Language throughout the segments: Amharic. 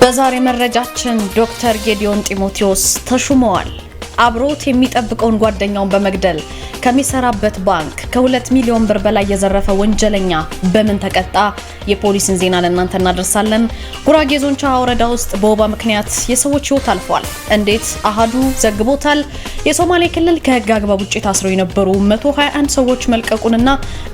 በዛሬ መረጃችን ዶክተር ጌዲዮን ጢሞቴዎስ ተሹመዋል። አብሮት የሚጠብቀውን ጓደኛውን በመግደል ከሚሰራበት ባንክ ከሁለት ሚሊዮን ብር በላይ የዘረፈ ወንጀለኛ በምን ተቀጣ? የፖሊስን ዜና ለእናንተ እናደርሳለን። ጉራጌ ዞን ቻሃ ወረዳ ውስጥ በወባ ምክንያት የሰዎች ህይወት አልፏል። እንዴት አሃዱ ዘግቦታል። የሶማሌ ክልል ከህግ አግባብ ውጭ ታስረው የነበሩ 121 ሰዎች መልቀቁንና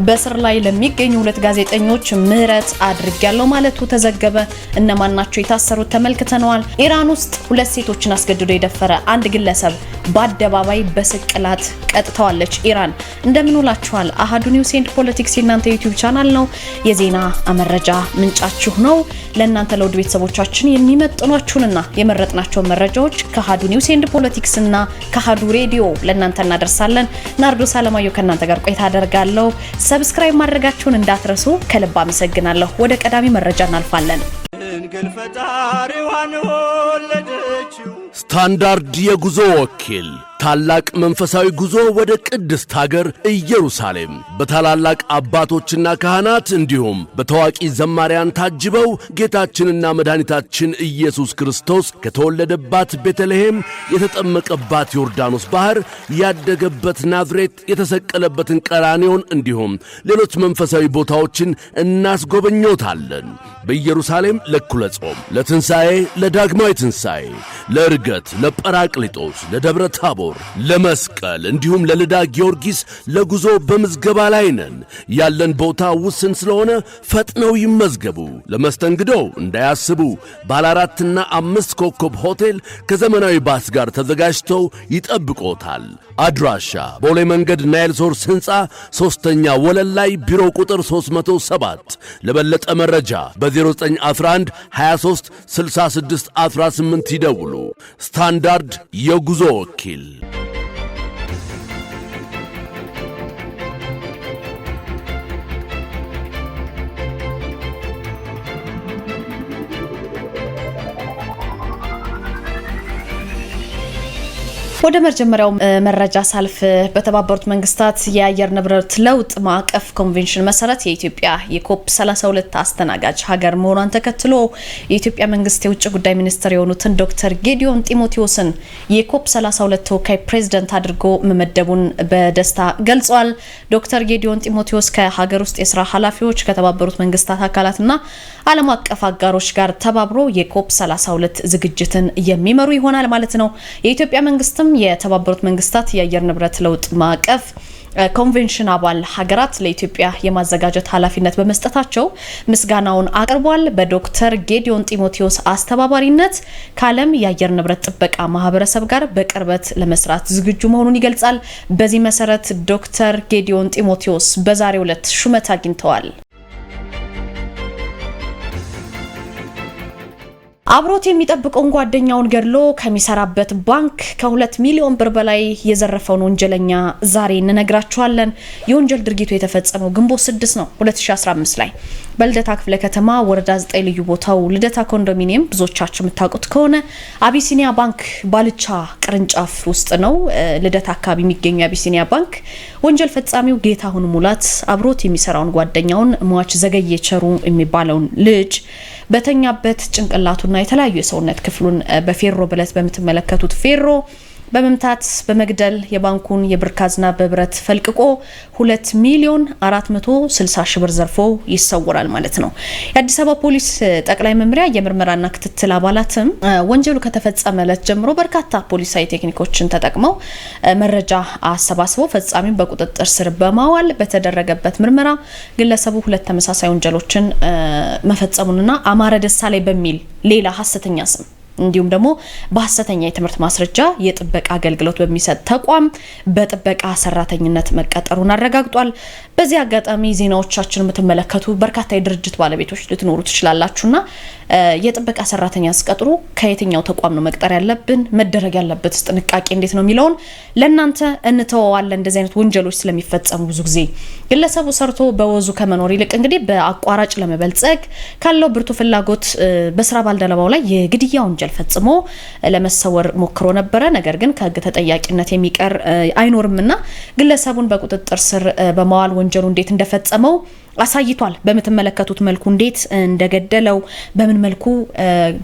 በስር ላይ ለሚገኙ ሁለት ጋዜጠኞች ምህረት አድርጊያለሁ ማለቱ ተዘገበ። እነማን ናቸው የታሰሩት? ተመልክተነዋል። ኢራን ውስጥ ሁለት ሴቶችን አስገድዶ የደፈረ አንድ ግለሰብ በአደባባይ በስቅላት ቀጥተዋለች ኢራን። እንደምን ውላችኋል። አሀዱ ኒውስ ኤንድ ፖለቲክስ የእናንተ ዩቲዩብ ቻናል ነው፣ የዜና መረጃ ምንጫችሁ ነው። ለእናንተ ለውድ ቤተሰቦቻችን የሚመጥኗችሁንና የመረጥናቸውን መረጃዎች ከአሀዱ ኒውስ ኤንድ ፖለቲክስ እና ከአሀዱ ሬዲዮ ለእናንተ እናደርሳለን። ናርዶስ አለማየሁ ከእናንተ ጋር ቆይታ አደርጋለሁ። ሰብስክራይብ ማድረጋችሁን እንዳትረሱ። ከልብ አመሰግናለሁ። ወደ ቀዳሚ መረጃ እናልፋለን። ስታንዳርድ የጉዞ ወኪል ታላቅ መንፈሳዊ ጉዞ ወደ ቅድስት ሀገር ኢየሩሳሌም በታላላቅ አባቶችና ካህናት እንዲሁም በታዋቂ ዘማሪያን ታጅበው ጌታችንና መድኃኒታችን ኢየሱስ ክርስቶስ ከተወለደባት ቤተልሔም፣ የተጠመቀባት ዮርዳኖስ ባህር፣ ያደገበት ናዝሬት፣ የተሰቀለበትን ቀራኔዮን እንዲሁም ሌሎች መንፈሳዊ ቦታዎችን እናስጎበኞታለን። በኢየሩሳሌም ለእኩለ ጾም፣ ለትንሣኤ፣ ለዳግማዊ ትንሣኤ፣ ለእርገት፣ ለጰራቅሊጦስ፣ ለደብረ ታቦር ለመኖር ለመስቀል እንዲሁም ለልዳ ጊዮርጊስ ለጉዞ በምዝገባ ላይ ነን። ያለን ቦታ ውስን ስለሆነ ፈጥነው ይመዝገቡ። ለመስተንግዶው እንዳያስቡ ባለ አራትና አምስት ኮከብ ሆቴል ከዘመናዊ ባስ ጋር ተዘጋጅተው ይጠብቆታል። አድራሻ ቦሌ መንገድ ናይል ሶርስ ሕንፃ ሦስተኛ ወለል ላይ ቢሮ ቁጥር 307። ለበለጠ መረጃ በ0911 23 66 18 ይደውሉ። ስታንዳርድ የጉዞ ወኪል ወደ መጀመሪያው መረጃ ሳልፍ በተባበሩት መንግስታት የአየር ንብረት ለውጥ ማዕቀፍ ኮንቬንሽን መሰረት የኢትዮጵያ የኮፕ 32 አስተናጋጅ ሀገር መሆኗን ተከትሎ የኢትዮጵያ መንግስት የውጭ ጉዳይ ሚኒስትር የሆኑትን ዶክተር ጌዲዮን ጢሞቴዎስን የኮፕ 32 ተወካይ ፕሬዝደንት አድርጎ መመደቡን በደስታ ገልጿል። ዶክተር ጌዲዮን ጢሞቴዎስ ከሀገር ውስጥ የስራ ኃላፊዎች ከተባበሩት መንግስታት አካላትና ዓለም አቀፍ አጋሮች ጋር ተባብሮ የኮፕ 32 ዝግጅትን የሚመሩ ይሆናል ማለት ነው። የኢትዮጵያ መንግስትም በመጨረሻም የተባበሩት መንግስታት የአየር ንብረት ለውጥ ማዕቀፍ ኮንቬንሽን አባል ሀገራት ለኢትዮጵያ የማዘጋጀት ኃላፊነት በመስጠታቸው ምስጋናውን አቅርቧል። በዶክተር ጌዲዮን ጢሞቴዎስ አስተባባሪነት ከዓለም የአየር ንብረት ጥበቃ ማህበረሰብ ጋር በቅርበት ለመስራት ዝግጁ መሆኑን ይገልጻል። በዚህ መሰረት ዶክተር ጌዲዮን ጢሞቴዎስ በዛሬው ዕለት ሹመት አግኝተዋል። አብሮት የሚጠብቀውን ጓደኛውን ገድሎ ከሚሰራበት ባንክ ከሁለት ሚሊዮን ብር በላይ የዘረፈውን ወንጀለኛ ዛሬ እንነግራችኋለን። የወንጀል ድርጊቱ የተፈጸመው ግንቦት 6 ነው 2015 ላይ በልደታ ክፍለ ከተማ ወረዳ 9 ልዩ ቦታው ልደታ ኮንዶሚኒየም ብዙዎቻችሁ የምታውቁት ከሆነ አቢሲኒያ ባንክ ባልቻ ቅርንጫፍ ውስጥ ነው። ልደታ አካባቢ የሚገኘው አቢሲኒያ ባንክ ወንጀል ፈጻሚው ጌታሁን ሙላት አብሮት የሚሰራውን ጓደኛውን ሟች ዘገየቸሩ የሚባለውን ልጅ በተኛበት ጭንቅላቱና የተለያዩ የሰውነት ክፍሉን በፌሮ ብለት በምትመለከቱት ፌሮ በመምታት በመግደል የባንኩን የብር ካዝና በብረት ፈልቅቆ 2 ሚሊዮን 460 ሺህ ብር ዘርፎ ይሰውራል ማለት ነው። የአዲስ አበባ ፖሊስ ጠቅላይ መምሪያ የምርመራና ክትትል አባላትም ወንጀሉ ከተፈጸመ ዕለት ጀምሮ በርካታ ፖሊሳዊ ቴክኒኮችን ተጠቅመው መረጃ አሰባስበው ፈጻሚን በቁጥጥር ስር በማዋል በተደረገበት ምርመራ ግለሰቡ ሁለት ተመሳሳይ ወንጀሎችን መፈጸሙንና አማረ ላይ በሚል ሌላ ሀሰተኛ ስም እንዲሁም ደግሞ በሀሰተኛ የትምህርት ማስረጃ የጥበቃ አገልግሎት በሚሰጥ ተቋም በጥበቃ ሰራተኝነት መቀጠሩን አረጋግጧል። በዚህ አጋጣሚ ዜናዎቻችን የምትመለከቱ በርካታ የድርጅት ባለቤቶች ልትኖሩ ትችላላችሁና የጥበቃ ሰራተኛ ስቀጥሩ ከየትኛው ተቋም ነው መቅጠር ያለብን? መደረግ ያለበት ጥንቃቄ እንዴት ነው የሚለውን ለእናንተ እንተወዋለን። እንደዚህ አይነት ወንጀሎች ስለሚፈጸሙ ብዙ ጊዜ ግለሰቡ ሰርቶ በወዙ ከመኖር ይልቅ እንግዲህ በአቋራጭ ለመበልጸግ ካለው ብርቱ ፍላጎት በስራ ባልደረባው ላይ የግድያ ወንጀል ወንጀል ፈጽሞ ለመሰወር ሞክሮ ነበረ። ነገር ግን ከህግ ተጠያቂነት የሚቀር አይኖርምና ግለሰቡን በቁጥጥር ስር በማዋል ወንጀሉ እንዴት እንደፈጸመው አሳይቷል። በምትመለከቱት መልኩ እንዴት እንደገደለው በምን መልኩ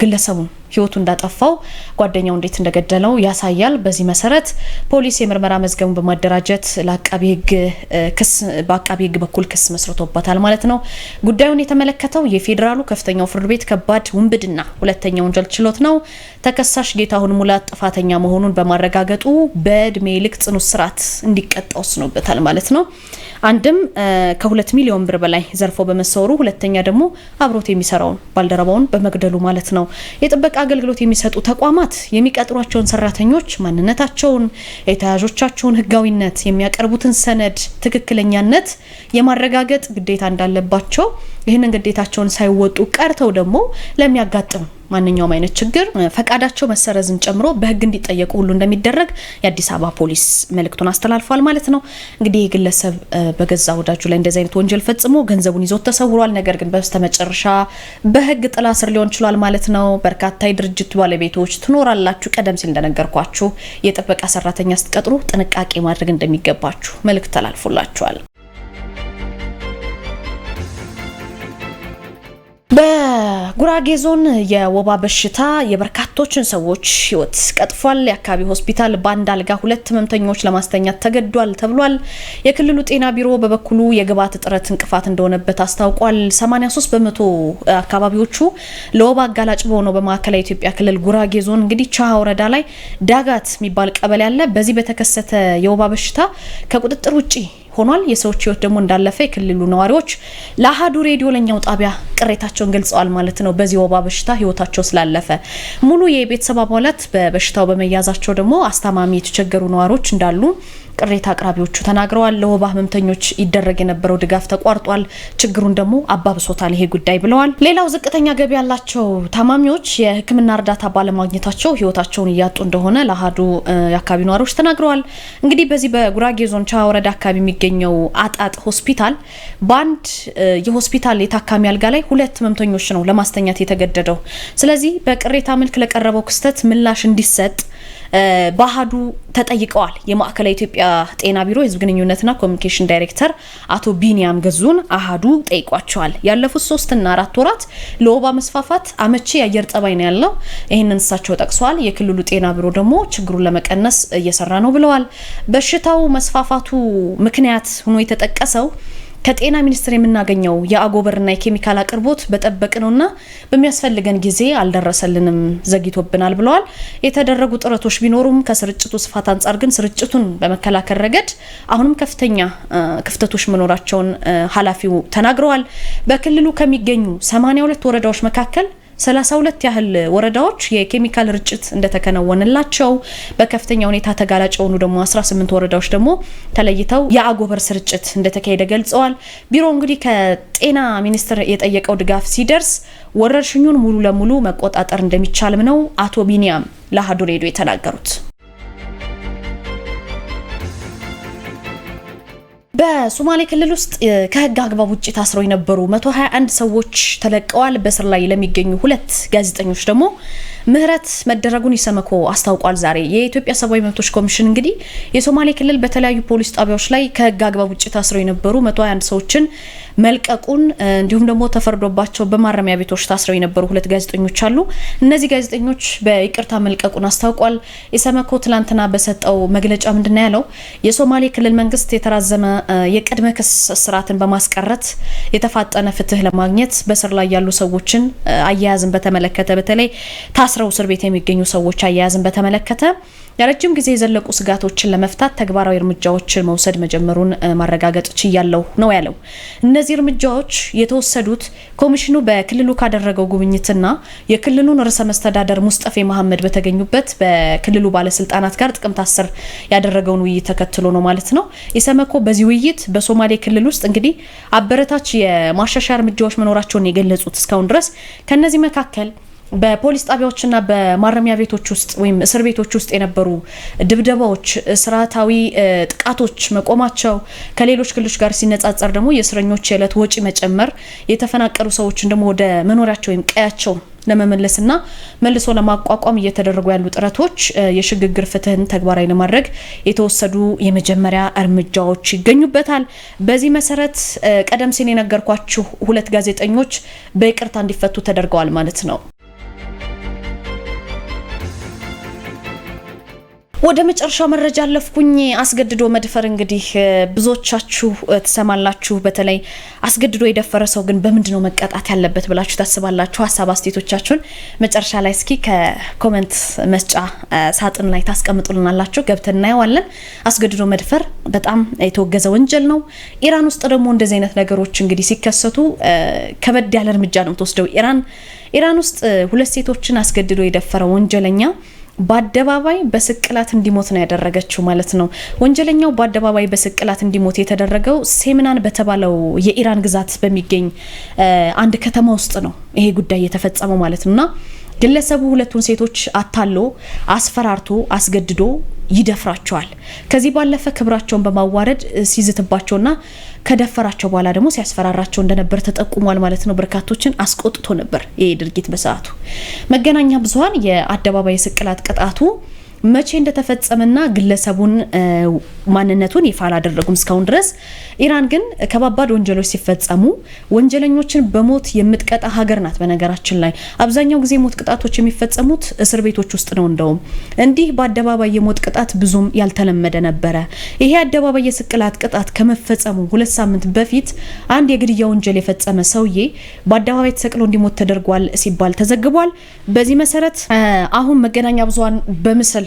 ግለሰቡ ህይወቱ እንዳጠፋው ጓደኛው እንዴት እንደገደለው ያሳያል። በዚህ መሰረት ፖሊስ የምርመራ መዝገቡን በማደራጀት ለአቃቢ ህግ ክስ በአቃቢ ህግ በኩል ክስ መስርቶበታል ማለት ነው። ጉዳዩን የተመለከተው የፌዴራሉ ከፍተኛው ፍርድ ቤት ከባድ ውንብድና ሁለተኛ ወንጀል ችሎት ነው። ተከሳሽ ጌታሁን ሙላት ጥፋተኛ መሆኑን በማረጋገጡ በእድሜ ልክ ጽኑ እስራት እንዲቀጣ ወስኖበታል ማለት ነው። አንድም ከሁለት ሚሊዮን ብር በላይ ዘርፎ በመሰወሩ፣ ሁለተኛ ደግሞ አብሮት የሚሰራውን ባልደረባውን በመግደሉ ማለት ነው። የጥበቃ አገልግሎት የሚሰጡ ተቋማት የሚቀጥሯቸውን ሰራተኞች ማንነታቸውን፣ የተያዦቻቸውን ህጋዊነት፣ የሚያቀርቡትን ሰነድ ትክክለኛነት የማረጋገጥ ግዴታ እንዳለባቸው ይህንን ግዴታቸውን ሳይወጡ ቀርተው ደግሞ ለሚያጋጥም ማንኛውም አይነት ችግር ፈቃዳቸው መሰረዝን ጨምሮ በህግ እንዲጠየቁ ሁሉ እንደሚደረግ የአዲስ አበባ ፖሊስ መልእክቱን አስተላልፏል ማለት ነው። እንግዲህ ግለሰብ በገዛ ወዳጁ ላይ እንደዚህ አይነት ወንጀል ፈጽሞ ገንዘቡን ይዞት ተሰውሯል። ነገር ግን በስተመጨረሻ በህግ ጥላ ስር ሊሆን ችሏል ማለት ነው። በርካታ የድርጅት ባለቤቶች ትኖራላችሁ። ቀደም ሲል እንደነገርኳችሁ የጥበቃ ሰራተኛ ስትቀጥሩ ጥንቃቄ ማድረግ እንደሚገባችሁ መልእክት ተላልፎላችኋል። ጉራጌ ዞን የወባ በሽታ የበርካቶችን ሰዎች ህይወት ቀጥፏል። የአካባቢ ሆስፒታል በአንድ አልጋ ሁለት ህመምተኞች ለማስተኛት ተገዷል ተብሏል። የክልሉ ጤና ቢሮ በበኩሉ የግብዓት እጥረት እንቅፋት እንደሆነበት አስታውቋል። 83 በመቶ አካባቢዎቹ ለወባ አጋላጭ በሆነው በማዕከላዊ ኢትዮጵያ ክልል ጉራጌ ዞን እንግዲህ ቻሃ ወረዳ ላይ ዳጋት የሚባል ቀበሌ አለ። በዚህ በተከሰተ የወባ በሽታ ከቁጥጥር ውጭ ሆኗል። የሰዎች ህይወት ደግሞ እንዳለፈ የክልሉ ነዋሪዎች ለአሀዱ ሬዲዮ ለኛው ጣቢያ ቅሬታቸውን ገልጸዋል ማለት ነው። በዚህ ወባ በሽታ ህይወታቸው ስላለፈ ሙሉ የቤተሰብ አባላት በበሽታው በመያዛቸው ደግሞ አስታማሚ የተቸገሩ ነዋሪዎች እንዳሉ ቅሬታ አቅራቢዎቹ ተናግረዋል። ለወባ ህመምተኞች ይደረግ የነበረው ድጋፍ ተቋርጧል፣ ችግሩን ደግሞ አባብሶታል ይሄ ጉዳይ ብለዋል። ሌላው ዝቅተኛ ገቢ ያላቸው ታማሚዎች የህክምና እርዳታ ባለማግኘታቸው ህይወታቸውን እያጡ እንደሆነ ለአሀዱ የአካባቢ ነዋሪዎች ተናግረዋል። እንግዲህ በዚህ በጉራጌ ዞን ቻ ወረዳ አካባቢ የሚገኘው አጣጥ ሆስፒታል በአንድ የሆስፒታል የታካሚ አልጋ ላይ ሁለት ህመምተኞች ነው ለማስተኛት የተገደደው። ስለዚህ በቅሬታ መልክ ለቀረበው ክስተት ምላሽ እንዲሰጥ በአሃዱ ተጠይቀዋል። የማዕከላዊ ኢትዮጵያ ጤና ቢሮ የህዝብ ግንኙነትና ኮሚኒኬሽን ዳይሬክተር አቶ ቢኒያም ገዙን አሃዱ ጠይቋቸዋል። ያለፉት ሶስትና አራት ወራት ለወባ መስፋፋት አመቺ የአየር ጠባይ ነው ያለው፣ ይህንን እሳቸው ጠቅሰዋል። የክልሉ ጤና ቢሮ ደግሞ ችግሩን ለመቀነስ እየሰራ ነው ብለዋል። በሽታው መስፋፋቱ ምክንያት ሆኖ የተጠቀሰው ከጤና ሚኒስቴር የምናገኘው የአጎበርና የኬሚካል አቅርቦት በጠበቅነውና በሚያስፈልገን ጊዜ አልደረሰልንም፣ ዘግይቶብናል ብለዋል። የተደረጉ ጥረቶች ቢኖሩም ከስርጭቱ ስፋት አንጻር ግን ስርጭቱን በመከላከል ረገድ አሁንም ከፍተኛ ክፍተቶች መኖራቸውን ኃላፊው ተናግረዋል። በክልሉ ከሚገኙ 82 ወረዳዎች መካከል 32 ያህል ወረዳዎች የኬሚካል ርጭት እንደተከናወነላቸው በከፍተኛ ሁኔታ ተጋላጭ የሆኑ ደግሞ 18 ወረዳዎች ደግሞ ተለይተው የአጎበር ስርጭት እንደተካሄደ ገልጸዋል። ቢሮ እንግዲህ ከጤና ሚኒስቴር የጠየቀው ድጋፍ ሲደርስ ወረርሽኙን ሙሉ ለሙሉ መቆጣጠር እንደሚቻልም ነው አቶ ቢኒያም ለአሀዱ ሬዲዮ የተናገሩት። በሶማሌ ክልል ውስጥ ከህግ አግባብ ውጭ ታስረው የነበሩ 121 ሰዎች ተለቀዋል። በስር ላይ ለሚገኙ ሁለት ጋዜጠኞች ደግሞ ምህረት መደረጉን ኢሰመኮ አስታውቋል። ዛሬ የኢትዮጵያ ሰብአዊ መብቶች ኮሚሽን እንግዲህ የሶማሌ ክልል በተለያዩ ፖሊስ ጣቢያዎች ላይ ከህግ አግባብ ውጭ ታስረው የነበሩ 121 ሰዎችን መልቀቁን እንዲሁም ደግሞ ተፈርዶባቸው በማረሚያ ቤቶች ታስረው የነበሩ ሁለት ጋዜጠኞች አሉ። እነዚህ ጋዜጠኞች በይቅርታ መልቀቁን አስታውቋል። ኢሰመኮ ትላንትና በሰጠው መግለጫ ምንድን ነው ያለው? የሶማሌ ክልል መንግስት የተራዘመ የቅድመ ክስ ስርዓትን በማስቀረት የተፋጠነ ፍትህ ለማግኘት በስር ላይ ያሉ ሰዎችን አያያዝን በተመለከተ በተለይ ታስረው እስር ቤት የሚገኙ ሰዎች አያያዝን በተመለከተ ለረጅም ጊዜ የዘለቁ ስጋቶችን ለመፍታት ተግባራዊ እርምጃዎችን መውሰድ መጀመሩን ማረጋገጥ ችያለሁ ነው ያለው። እነዚህ እርምጃዎች የተወሰዱት ኮሚሽኑ በክልሉ ካደረገው ጉብኝትና የክልሉን ርዕሰ መስተዳደር ሙስጠፌ መሐመድ በተገኙበት በክልሉ ባለስልጣናት ጋር ጥቅምት አስር ያደረገውን ውይይት ተከትሎ ነው ማለት ነው። ኢሰመኮ በዚህ ውይይት በሶማሌ ክልል ውስጥ እንግዲህ አበረታች የማሻሻያ እርምጃዎች መኖራቸውን የገለጹት እስካሁን ድረስ ከነዚህ መካከል በፖሊስ ጣቢያዎችና በማረሚያ ቤቶች ውስጥ ወይም እስር ቤቶች ውስጥ የነበሩ ድብደባዎች፣ ስርዓታዊ ጥቃቶች መቆማቸው ከሌሎች ክልሎች ጋር ሲነጻጸር ደግሞ የእስረኞች የዕለት ወጪ መጨመር የተፈናቀሉ ሰዎችን ደግሞ ወደ መኖሪያቸው ወይም ቀያቸው ለመመለስና መልሶ ለማቋቋም እየተደረጉ ያሉ ጥረቶች የሽግግር ፍትህን ተግባራዊ ለማድረግ የተወሰዱ የመጀመሪያ እርምጃዎች ይገኙበታል። በዚህ መሰረት ቀደም ሲል የነገርኳችሁ ሁለት ጋዜጠኞች በይቅርታ እንዲፈቱ ተደርገዋል ማለት ነው። ወደ መጨረሻው መረጃ አለፍኩኝ። አስገድዶ መድፈር እንግዲህ ብዙዎቻችሁ ትሰማላችሁ። በተለይ አስገድዶ የደፈረ ሰው ግን በምንድነው መቀጣት ያለበት ብላችሁ ታስባላችሁ? ሀሳብ አስቴቶቻችሁን መጨረሻ ላይ እስኪ ከኮመንት መስጫ ሳጥን ላይ ታስቀምጡልናላችሁ፣ ገብተን እናየዋለን። አስገድዶ መድፈር በጣም የተወገዘ ወንጀል ነው። ኢራን ውስጥ ደግሞ እንደዚህ አይነት ነገሮች እንግዲህ ሲከሰቱ ከበድ ያለ እርምጃ ነው የምትወስደው ኢራን። ኢራን ውስጥ ሁለት ሴቶችን አስገድዶ የደፈረ ወንጀለኛ በአደባባይ በስቅላት እንዲሞት ነው ያደረገችው ማለት ነው። ወንጀለኛው በአደባባይ በስቅላት እንዲሞት የተደረገው ሴምናን በተባለው የኢራን ግዛት በሚገኝ አንድ ከተማ ውስጥ ነው ይሄ ጉዳይ የተፈጸመው ማለት ነው እና ግለሰቡ ሁለቱን ሴቶች አታሎ አስፈራርቶ አስገድዶ ይደፍራቸዋል። ከዚህ ባለፈ ክብራቸውን በማዋረድ ሲዝትባቸውና ከደፈራቸው በኋላ ደግሞ ሲያስፈራራቸው እንደነበር ተጠቁሟል ማለት ነው። በርካቶችን አስቆጥቶ ነበር ይሄ ድርጊት በሰዓቱ መገናኛ ብዙኃን የአደባባይ ስቅላት ቅጣቱ መቼ እንደተፈጸመና ግለሰቡን ማንነቱን ይፋ አላደረጉም እስካሁን ድረስ። ኢራን ግን ከባባድ ወንጀሎች ሲፈጸሙ ወንጀለኞችን በሞት የምትቀጣ ሀገር ናት። በነገራችን ላይ አብዛኛው ጊዜ ሞት ቅጣቶች የሚፈጸሙት እስር ቤቶች ውስጥ ነው። እንደውም እንዲህ በአደባባይ የሞት ቅጣት ብዙም ያልተለመደ ነበረ። ይሄ አደባባይ የስቅላት ቅጣት ከመፈጸሙ ሁለት ሳምንት በፊት አንድ የግድያ ወንጀል የፈጸመ ሰውዬ በአደባባይ ተሰቅሎ እንዲሞት ተደርጓል ሲባል ተዘግቧል። በዚህ መሰረት አሁን መገናኛ ብዙሃን በምስል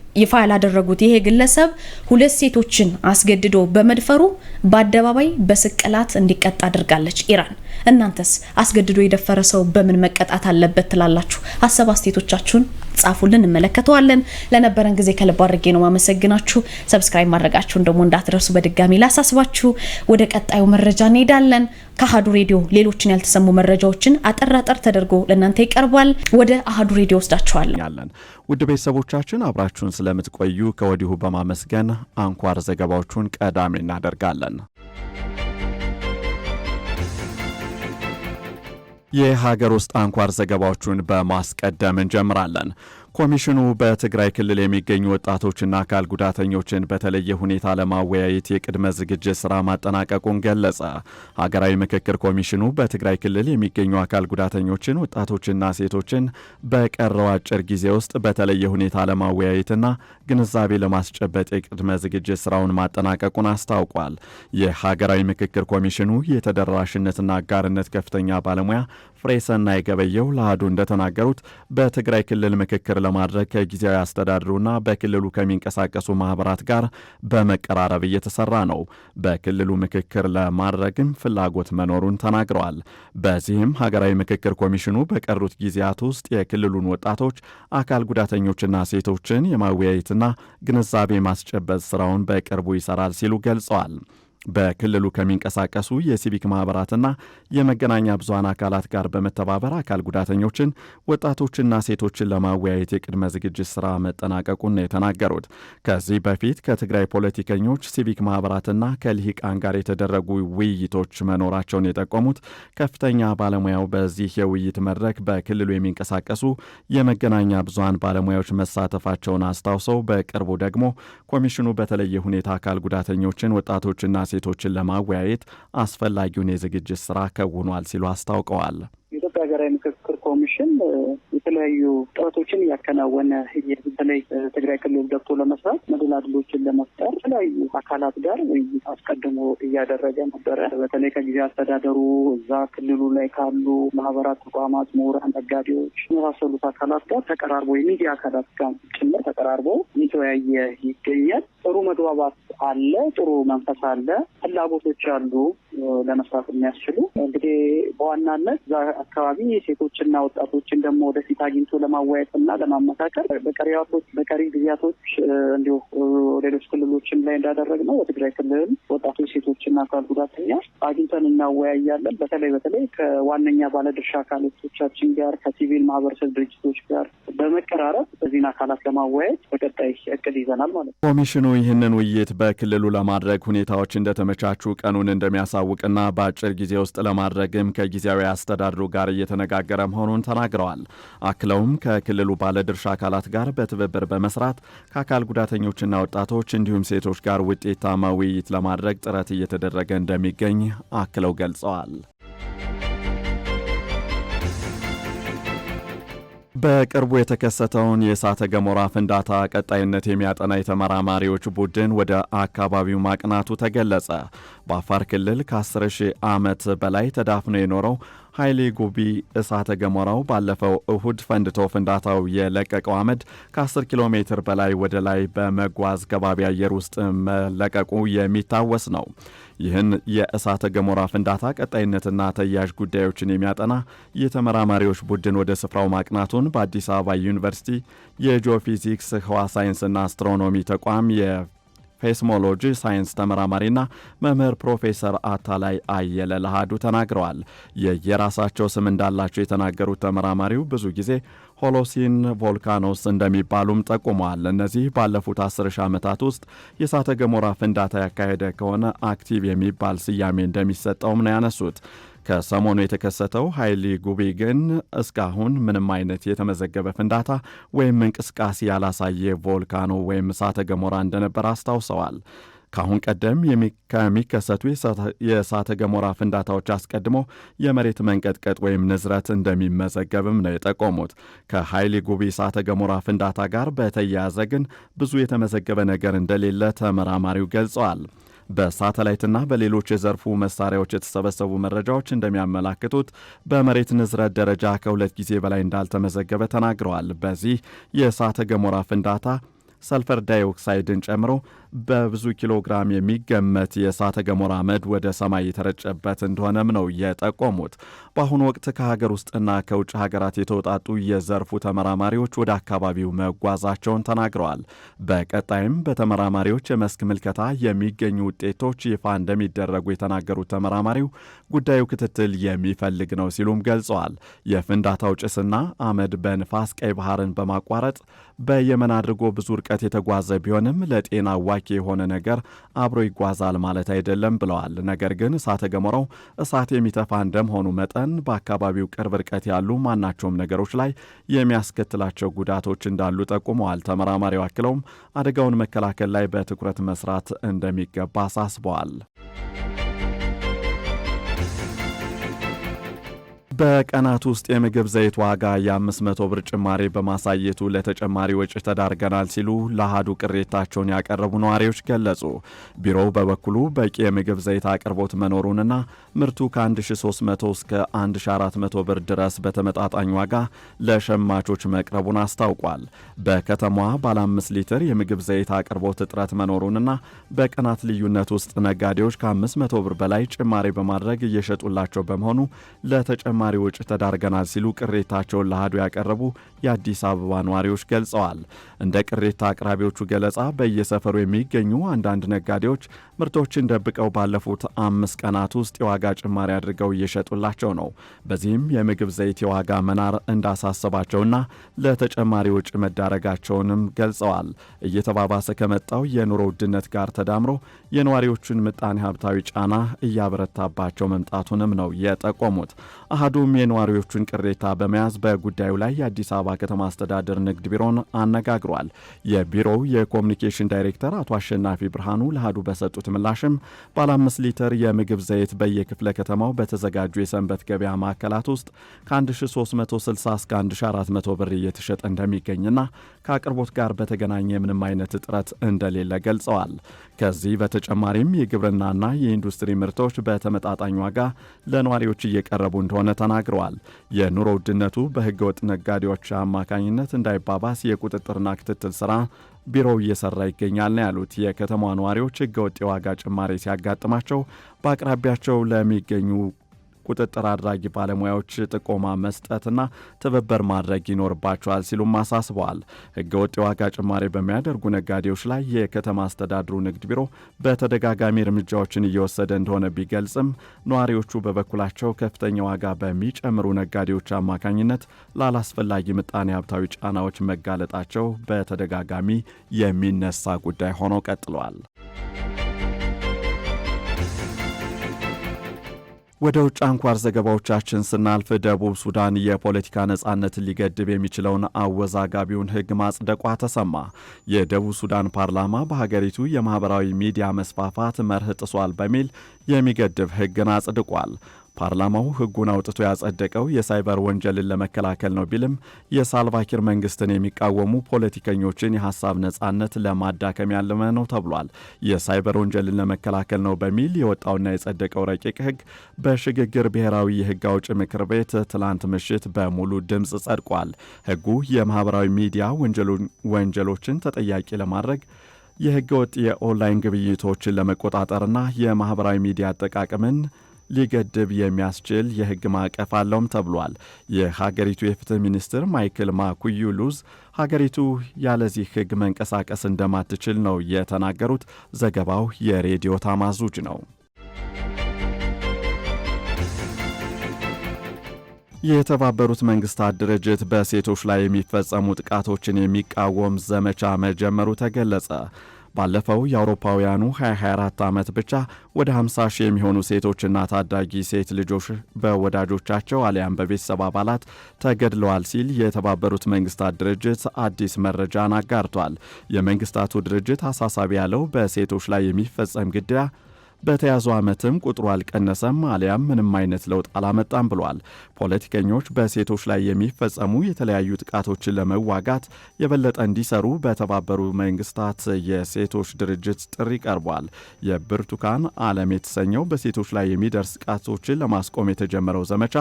ይፋ ያላደረጉት ይሄ ግለሰብ ሁለት ሴቶችን አስገድዶ በመድፈሩ በአደባባይ በስቅላት እንዲቀጣ አድርጋለች ኢራን። እናንተስ አስገድዶ የደፈረ ሰው በምን መቀጣት አለበት ትላላችሁ? ሀሳብ አስተያየቶቻችሁን ጻፉልን፣ እንመለከተዋለን። ለነበረን ጊዜ ከልብ አድርጌ ነው ማመሰግናችሁ። ሰብስክራይብ ማድረጋችሁን ደግሞ እንዳትረሱ በድጋሚ ላሳስባችሁ። ወደ ቀጣዩ መረጃ እንሄዳለን። ከአሀዱ ሬዲዮ ሌሎችን ያልተሰሙ መረጃዎችን አጠር ተደርጎ ለእናንተ ይቀርባል። ወደ አሀዱ ሬዲዮ ወስዳችኋለን። ውድ ቤተሰቦቻችን አብራችሁን ስለምትቆዩ ከወዲሁ በማመስገን አንኳር ዘገባዎቹን ቀዳሚ እናደርጋለን። የሀገር ውስጥ አንኳር ዘገባዎቹን በማስቀደም እንጀምራለን። ኮሚሽኑ በትግራይ ክልል የሚገኙ ወጣቶችና አካል ጉዳተኞችን በተለየ ሁኔታ ለማወያየት የቅድመ ዝግጅት ስራ ማጠናቀቁን ገለጸ። ሀገራዊ ምክክር ኮሚሽኑ በትግራይ ክልል የሚገኙ አካል ጉዳተኞችን፣ ወጣቶችና ሴቶችን በቀረው አጭር ጊዜ ውስጥ በተለየ ሁኔታ ለማወያየትና ግንዛቤ ለማስጨበጥ የቅድመ ዝግጅት ስራውን ማጠናቀቁን አስታውቋል። የሀገራዊ ምክክር ኮሚሽኑ የተደራሽነትና አጋርነት ከፍተኛ ባለሙያ ፍሬሰናይ ገበየሁ ለአህዱ እንደተናገሩት በትግራይ ክልል ምክክር ለማድረግ ከጊዜያዊ አስተዳድሩና በክልሉ ከሚንቀሳቀሱ ማህበራት ጋር በመቀራረብ እየተሰራ ነው። በክልሉ ምክክር ለማድረግም ፍላጎት መኖሩን ተናግረዋል። በዚህም ሀገራዊ ምክክር ኮሚሽኑ በቀሩት ጊዜያት ውስጥ የክልሉን ወጣቶች፣ አካል ጉዳተኞችና ሴቶችን የማወያየትና ግንዛቤ ማስጨበጥ ስራውን በቅርቡ ይሰራል ሲሉ ገልጸዋል። በክልሉ ከሚንቀሳቀሱ የሲቪክ ማኅበራትና የመገናኛ ብዙሃን አካላት ጋር በመተባበር አካል ጉዳተኞችን፣ ወጣቶችና ሴቶችን ለማወያየት የቅድመ ዝግጅት ሥራ መጠናቀቁን ነው የተናገሩት። ከዚህ በፊት ከትግራይ ፖለቲከኞች፣ ሲቪክ ማኅበራትና ከልሂቃን ጋር የተደረጉ ውይይቶች መኖራቸውን የጠቆሙት ከፍተኛ ባለሙያው በዚህ የውይይት መድረክ በክልሉ የሚንቀሳቀሱ የመገናኛ ብዙሃን ባለሙያዎች መሳተፋቸውን አስታውሰው በቅርቡ ደግሞ ኮሚሽኑ በተለየ ሁኔታ አካል ጉዳተኞችን፣ ወጣቶችና ሴቶችን ለማወያየት አስፈላጊውን የዝግጅት ስራ ከውኗል ሲሉ አስታውቀዋል። የኢትዮጵያ ሀገራዊ ምክክር ኮሚሽን የተለያዩ ጥረቶችን እያከናወነ በተለይ ትግራይ ክልል ገብቶ ለመስራት መደላድሎችን ለመፍጠር የተለያዩ አካላት ጋር ውይይት አስቀድሞ እያደረገ ነበረ። በተለይ ከጊዜ አስተዳደሩ እዛ ክልሉ ላይ ካሉ ማህበራት፣ ተቋማት፣ ምሁራን፣ ነጋዴዎች የመሳሰሉት አካላት ጋር ተቀራርቦ የሚዲያ አካላት ጋር ጭምር ተቀራርቦ እየተወያየ ይገኛል። ጥሩ መግባባት አለ፣ ጥሩ መንፈስ አለ፣ ፍላጎቶች አሉ ለመስራት የሚያስችሉ እንግዲህ በዋናነት እዛ አካባቢ ሴቶችና ወጣቶችን ደግሞ ወደፊት አግኝቶ ለማዋየት እና ለማመካከል በቀሪ ጊዜያቶች እንዲሁ ሌሎች ክልሎችም ላይ እንዳደረግ ነው በትግራይ ክልል ወጣቶች፣ ሴቶችና አካል ጉዳተኛ አግኝተን እናወያያለን። በተለይ በተለይ ከዋነኛ ባለድርሻ አካሎቻችን ጋር ከሲቪል ማህበረሰብ ድርጅቶች ጋር በመቀራረብ እዚህን አካላት ለማወያየት በቀጣይ እቅድ ይዘናል ማለት ነው። ኮሚሽኑ ይህንን ውይይት በክልሉ ለማድረግ ሁኔታዎች እንደተመቻቹ ቀኑን እንደሚያሳውቅና በአጭር ጊዜ ውስጥ ለማድረግም ከጊዜያዊ አስተዳድሩ ጋር እየተነጋገረ መሆኑን ተናግረዋል። አክለውም ከክልሉ ባለድርሻ አካላት ጋር በትብብር በመስራት ከአካል ጉዳተኞችና ወጣቶች እንዲሁም ሴቶች ጋር ውጤታማ ውይይት ለማድረግ ጥረት እየተደረገ እንደሚገኝ አክለው ገልጸዋል። በቅርቡ የተከሰተውን የእሳተ ገሞራ ፍንዳታ ቀጣይነት የሚያጠና የተመራማሪዎች ቡድን ወደ አካባቢው ማቅናቱ ተገለጸ። በአፋር ክልል ከ10 ሺህ ዓመት በላይ ተዳፍኖ የኖረው ኃይሌ ጉቢ እሳተ ገሞራው ባለፈው እሁድ ፈንድቶ ፍንዳታው የለቀቀው አመድ ከ10 ኪሎ ሜትር በላይ ወደ ላይ በመጓዝ ከባቢ አየር ውስጥ መለቀቁ የሚታወስ ነው። ይህን የእሳተ ገሞራ ፍንዳታ ቀጣይነትና ተያዥ ጉዳዮችን የሚያጠና የተመራማሪዎች ቡድን ወደ ስፍራው ማቅናቱን በአዲስ አበባ ዩኒቨርሲቲ የጂኦፊዚክስ ህዋ ሳይንስና አስትሮኖሚ ተቋም ፌስሞሎጂ ሳይንስ ተመራማሪና መምህር ፕሮፌሰር አታላይ አየለ ለሃዱ ተናግረዋል። የየራሳቸው ስም እንዳላቸው የተናገሩት ተመራማሪው ብዙ ጊዜ ሆሎሲን ቮልካኖስ እንደሚባሉም ጠቁመዋል። እነዚህ ባለፉት አስር ሺህ ዓመታት ውስጥ የእሳተ ገሞራ ፍንዳታ ያካሄደ ከሆነ አክቲቭ የሚባል ስያሜ እንደሚሰጠውም ነው ያነሱት። ከሰሞኑ የተከሰተው ኃይሊ ጉቢ ግን እስካሁን ምንም አይነት የተመዘገበ ፍንዳታ ወይም እንቅስቃሴ ያላሳየ ቮልካኖ ወይም እሳተ ገሞራ እንደነበር አስታውሰዋል። ከአሁን ቀደም ከሚከሰቱ የእሳተ ገሞራ ፍንዳታዎች አስቀድሞ የመሬት መንቀጥቀጥ ወይም ንዝረት እንደሚመዘገብም ነው የጠቆሙት። ከኃይሊ ጉቢ እሳተ ገሞራ ፍንዳታ ጋር በተያያዘ ግን ብዙ የተመዘገበ ነገር እንደሌለ ተመራማሪው ገልጸዋል። በሳተላይትና በሌሎች የዘርፉ መሳሪያዎች የተሰበሰቡ መረጃዎች እንደሚያመላክቱት በመሬት ንዝረት ደረጃ ከሁለት ጊዜ በላይ እንዳልተመዘገበ ተናግረዋል። በዚህ የእሳተ ገሞራ ፍንዳታ ሰልፈር ዳይኦክሳይድን ጨምሮ በብዙ ኪሎ ግራም የሚገመት የእሳተ ገሞራ አመድ ወደ ሰማይ የተረጨበት እንደሆነም ነው የጠቆሙት። በአሁኑ ወቅት ከሀገር ውስጥና ከውጭ ሀገራት የተውጣጡ የዘርፉ ተመራማሪዎች ወደ አካባቢው መጓዛቸውን ተናግረዋል። በቀጣይም በተመራማሪዎች የመስክ ምልከታ የሚገኙ ውጤቶች ይፋ እንደሚደረጉ የተናገሩት ተመራማሪው ጉዳዩ ክትትል የሚፈልግ ነው ሲሉም ገልጸዋል። የፍንዳታው ጭስና አመድ በንፋስ ቀይ ባህርን በማቋረጥ በየመን አድርጎ ብዙ ርቀት የተጓዘ ቢሆንም ለጤና ማራኪ የሆነ ነገር አብሮ ይጓዛል ማለት አይደለም ብለዋል። ነገር ግን እሳተ ገሞራው እሳት የሚተፋ እንደመሆኑ መጠን በአካባቢው ቅርብ ርቀት ያሉ ማናቸውም ነገሮች ላይ የሚያስከትላቸው ጉዳቶች እንዳሉ ጠቁመዋል። ተመራማሪው አክለውም አደጋውን መከላከል ላይ በትኩረት መስራት እንደሚገባ አሳስበዋል። በቀናት ውስጥ የምግብ ዘይት ዋጋ የ500 ብር ጭማሪ በማሳየቱ ለተጨማሪ ወጪ ተዳርገናል ሲሉ ለአሃዱ ቅሬታቸውን ያቀረቡ ነዋሪዎች ገለጹ። ቢሮው በበኩሉ በቂ የምግብ ዘይት አቅርቦት መኖሩንና ምርቱ ከ1300 እስከ 1400 ብር ድረስ በተመጣጣኝ ዋጋ ለሸማቾች መቅረቡን አስታውቋል። በከተማዋ ባለ 5 ሊትር የምግብ ዘይት አቅርቦት እጥረት መኖሩንና በቀናት ልዩነት ውስጥ ነጋዴዎች ከ500 ብር በላይ ጭማሪ በማድረግ እየሸጡላቸው በመሆኑ ለተጨማ ለተጨማሪ ወጪ ተዳርገናል ሲሉ ቅሬታቸውን ለአሐዱ ያቀረቡ የአዲስ አበባ ነዋሪዎች ገልጸዋል። እንደ ቅሬታ አቅራቢዎቹ ገለጻ በየሰፈሩ የሚገኙ አንዳንድ ነጋዴዎች ምርቶችን ደብቀው ባለፉት አምስት ቀናት ውስጥ የዋጋ ጭማሪ አድርገው እየሸጡላቸው ነው። በዚህም የምግብ ዘይት የዋጋ መናር እንዳሳሰባቸውና ለተጨማሪ ወጪ መዳረጋቸውንም ገልጸዋል። እየተባባሰ ከመጣው የኑሮ ውድነት ጋር ተዳምሮ የነዋሪዎቹን ምጣኔ ሀብታዊ ጫና እያበረታባቸው መምጣቱንም ነው የጠቆሙት። አሃዱም የነዋሪዎቹን ቅሬታ በመያዝ በጉዳዩ ላይ የአዲስ አበባ ከተማ አስተዳደር ንግድ ቢሮን አነጋግሯል። የቢሮው የኮሚኒኬሽን ዳይሬክተር አቶ አሸናፊ ብርሃኑ ለአሃዱ በሰጡት ምላሽም ባለ አምስት ሊትር የምግብ ዘይት በየክፍለ ከተማው በተዘጋጁ የሰንበት ገበያ ማዕከላት ውስጥ ከ1360 እስከ 1400 ብር እየተሸጠ እንደሚገኝና ከአቅርቦት ጋር በተገናኘ ምንም አይነት እጥረት እንደሌለ ገልጸዋል። ከዚህ በተጨማሪም የግብርናና የኢንዱስትሪ ምርቶች በተመጣጣኝ ዋጋ ለነዋሪዎች እየቀረቡ እንደሆነ ተናግረዋል። የኑሮ ውድነቱ በህገወጥ ነጋዴዎች አማካኝነት እንዳይባባስ የቁጥጥርና ክትትል ስራ ቢሮው እየሰራ ይገኛል ነው ያሉት። የከተማ ነዋሪዎች ህገወጥ የዋጋ ጭማሪ ሲያጋጥማቸው በአቅራቢያቸው ለሚገኙ ቁጥጥር አድራጊ ባለሙያዎች ጥቆማ መስጠትና ትብብር ማድረግ ይኖርባቸዋል ሲሉም አሳስበዋል። ህገወጥ የዋጋ ጭማሪ በሚያደርጉ ነጋዴዎች ላይ የከተማ አስተዳድሩ ንግድ ቢሮ በተደጋጋሚ እርምጃዎችን እየወሰደ እንደሆነ ቢገልጽም ነዋሪዎቹ በበኩላቸው ከፍተኛ ዋጋ በሚጨምሩ ነጋዴዎች አማካኝነት ላላስፈላጊ ምጣኔ ሀብታዊ ጫናዎች መጋለጣቸው በተደጋጋሚ የሚነሳ ጉዳይ ሆኖ ቀጥሏል። ወደ ውጭ አንኳር ዘገባዎቻችን ስናልፍ ደቡብ ሱዳን የፖለቲካ ነጻነትን ሊገድብ የሚችለውን አወዛጋቢውን ሕግ ማጽደቋ ተሰማ። የደቡብ ሱዳን ፓርላማ በሀገሪቱ የማህበራዊ ሚዲያ መስፋፋት መርህ ጥሷል በሚል የሚገድብ ሕግን አጽድቋል። ፓርላማው ሕጉን አውጥቶ ያጸደቀው የሳይበር ወንጀልን ለመከላከል ነው ቢልም የሳልቫኪር መንግስትን የሚቃወሙ ፖለቲከኞችን የሀሳብ ነጻነት ለማዳከም ያለመ ነው ተብሏል። የሳይበር ወንጀልን ለመከላከል ነው በሚል የወጣውና የጸደቀው ረቂቅ ሕግ በሽግግር ብሔራዊ የህግ አውጭ ምክር ቤት ትላንት ምሽት በሙሉ ድምፅ ጸድቋል። ህጉ የማህበራዊ ሚዲያ ወንጀሎችን ተጠያቂ ለማድረግ የህገወጥ የኦንላይን ግብይቶችን ለመቆጣጠርና የማህበራዊ ሚዲያ አጠቃቀምን ሊገድብ የሚያስችል የህግ ማዕቀፍ አለውም ተብሏል። የሀገሪቱ የፍትህ ሚኒስትር ማይክል ማኩዩ ሉዝ ሀገሪቱ ያለዚህ ህግ መንቀሳቀስ እንደማትችል ነው የተናገሩት። ዘገባው የሬዲዮ ታማዙጅ ነው። የተባበሩት መንግስታት ድርጅት በሴቶች ላይ የሚፈጸሙ ጥቃቶችን የሚቃወም ዘመቻ መጀመሩ ተገለጸ። ባለፈው የአውሮፓውያኑ 2024 ዓመት ብቻ ወደ 50 ሺህ የሚሆኑ ሴቶችና ታዳጊ ሴት ልጆች በወዳጆቻቸው አሊያም በቤተሰብ አባላት ተገድለዋል ሲል የተባበሩት መንግስታት ድርጅት አዲስ መረጃን አጋርቷል። የመንግስታቱ ድርጅት አሳሳቢ ያለው በሴቶች ላይ የሚፈጸም ግድያ በተያዘው ዓመትም ቁጥሩ አልቀነሰም አሊያም ምንም አይነት ለውጥ አላመጣም ብሏል። ፖለቲከኞች በሴቶች ላይ የሚፈጸሙ የተለያዩ ጥቃቶችን ለመዋጋት የበለጠ እንዲሰሩ በተባበሩ መንግስታት የሴቶች ድርጅት ጥሪ ቀርቧል። የብርቱካን ዓለም የተሰኘው በሴቶች ላይ የሚደርስ ጥቃቶችን ለማስቆም የተጀመረው ዘመቻ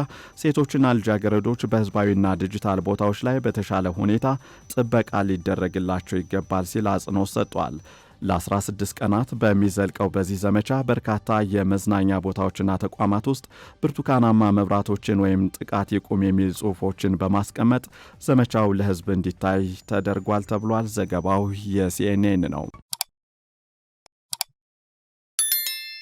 ሴቶችና ልጃገረዶች በህዝባዊና ዲጂታል ቦታዎች ላይ በተሻለ ሁኔታ ጥበቃ ሊደረግላቸው ይገባል ሲል አጽንኦት ሰጥቷል። ለ16 ቀናት በሚዘልቀው በዚህ ዘመቻ በርካታ የመዝናኛ ቦታዎችና ተቋማት ውስጥ ብርቱካናማ መብራቶችን ወይም ጥቃት ይቁም የሚል ጽሑፎችን በማስቀመጥ ዘመቻው ለሕዝብ እንዲታይ ተደርጓል ተብሏል። ዘገባው የሲኤንኤን ነው።